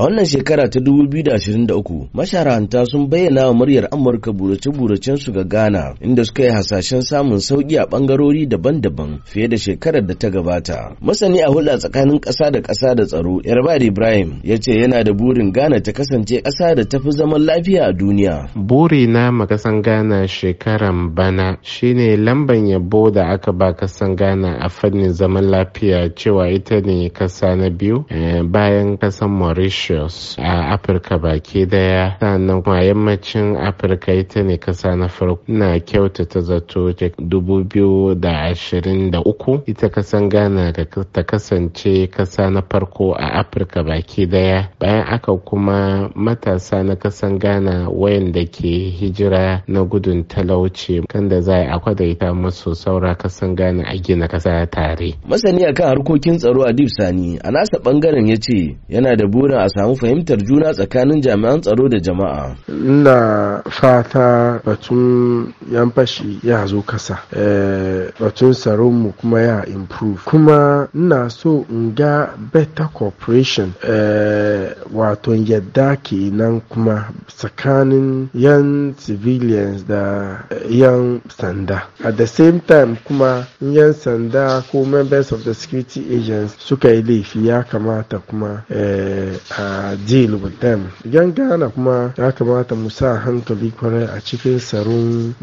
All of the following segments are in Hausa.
A wannan shekara ta 2023, masharanta sun bayyana wa muryar Amurka burace-buracen su ga Ghana, inda suka yi hasashen samun sauki a ɓangarori daban-daban fiye da shekarar da ta gabata. Masani a hulɗa tsakanin ƙasa da ƙasa da tsaro, Yarbar Ibrahim, ya ce yana da burin Ghana ta kasance ƙasa da ta fi zaman lafiya a duniya. Buri na makasan Ghana shekaran bana shine lamban yabo da aka ba kasan Ghana a fannin zaman lafiya cewa ita ne kasa na biyu eh, bayan kasan Mauritius. mauritius a afirka baki daya sannan kuma yammacin afirka ita ne kasa na farko na kyautata zato dubu biyu da ashirin da uku ita kasan ghana ta kasance kasa na farko a afirka baki daya bayan aka kuma matasa na kasan ghana wayanda ke hijira na gudun talauci kan da za a kwadaita musu saura kasan ghana a gina kasa tare masani akan harkokin tsaro a sani a nasa bangaren ya ce yana da burin a samu fahimtar juna tsakanin jami'an tsaro da jama'a ina fata batun yan fashi ya zo kasa eh, batun tsaron mu kuma ya improve kuma ina so in ga better cooperation eh, wato yadda kenan kuma tsakanin yan civilians da yan sanda at the same time kuma yan sanda ko members of the security agents suka yi laifi ya kamata kuma eh, a Lubatan. Yan gana kuma ya kamata mu sa hankali kwarai a cikin tsaron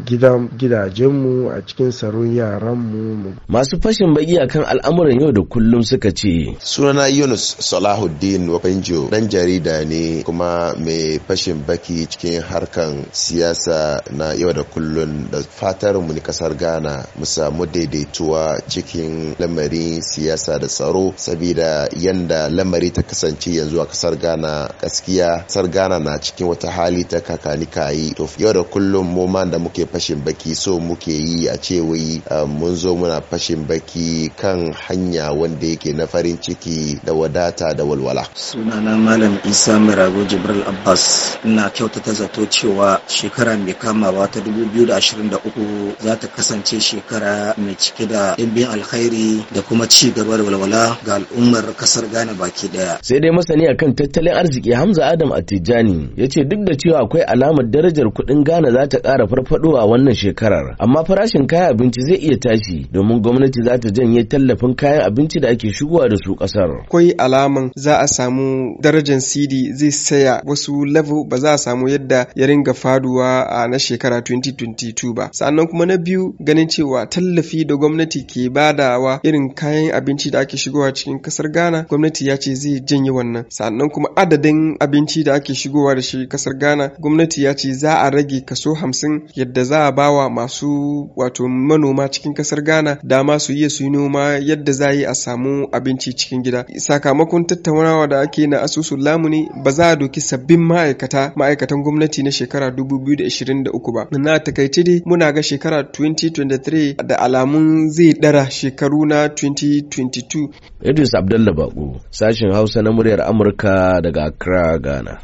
gidajenmu a cikin tsaron yaranmu. Masu fashin baki kan al'amuran yau da kullum suka ce. Sunana Yunus Salahuddin Wabanjo dan jarida ne kuma mai fashin baki cikin harkan siyasa na yau da kullum da fatar mu ne kasar Ghana mu samu daidaituwa cikin lamarin siyasa da tsaro sabida yanda lamari ta kasance yanzu a kasar kasar ghana gaskiya kasar ghana na cikin wata hali ta kakani kayi to yau da kullum mu da muke fashin baki so muke yi a ce wai eh, mun zo muna fashin baki kan hanya wanda yake na farin ciki da wadata da walwala sunana malam isa mirago jibril abbas ina ta zato cewa shekara mai kamawa ta 2023 za ta kasance shekara mai cike da ɗimbin alkhairi da kuma ci gaba da walwala ga al'ummar kasar ghana baki daya sai dai masani akan tattalin arziki Hamza Adam Atijani ya ce duk da cewa akwai alamar darajar kuɗin Ghana za ta ƙara farfadowa wannan shekarar amma farashin kayan abinci zai iya tashi domin gwamnati za ta janye tallafin kayan abinci da ake shigowa da su ƙasar. Akwai alaman za a samu darajar CD zai saya wasu level ba za a samu yadda ya ringa faduwa a na shekara 2022 ba. Sannan kuma na biyu ganin cewa tallafi da gwamnati ke badawa irin kayan abinci da ake shigowa cikin ƙasar Ghana gwamnati ya ce zai janye wannan. sannan kuma adadin abinci da ake shigowa da shi kasar ghana gwamnati ya ce za a rage kaso hamsin yadda za a bawa masu wato manoma cikin kasar ghana dama su iya su noma yadda za yi a samu abinci cikin gida sakamakon tattaunawa da ake na asusun lamuni ba za a doki sabbin ma'aikata ma'aikatan gwamnati na shekara 2023 ba na takaice dai muna ga shekara 2023 da alamun zai dara shekaru na 2022 Idris Abdallah Bako sashin Hausa na muryar Amurka daga Accra, Ghana.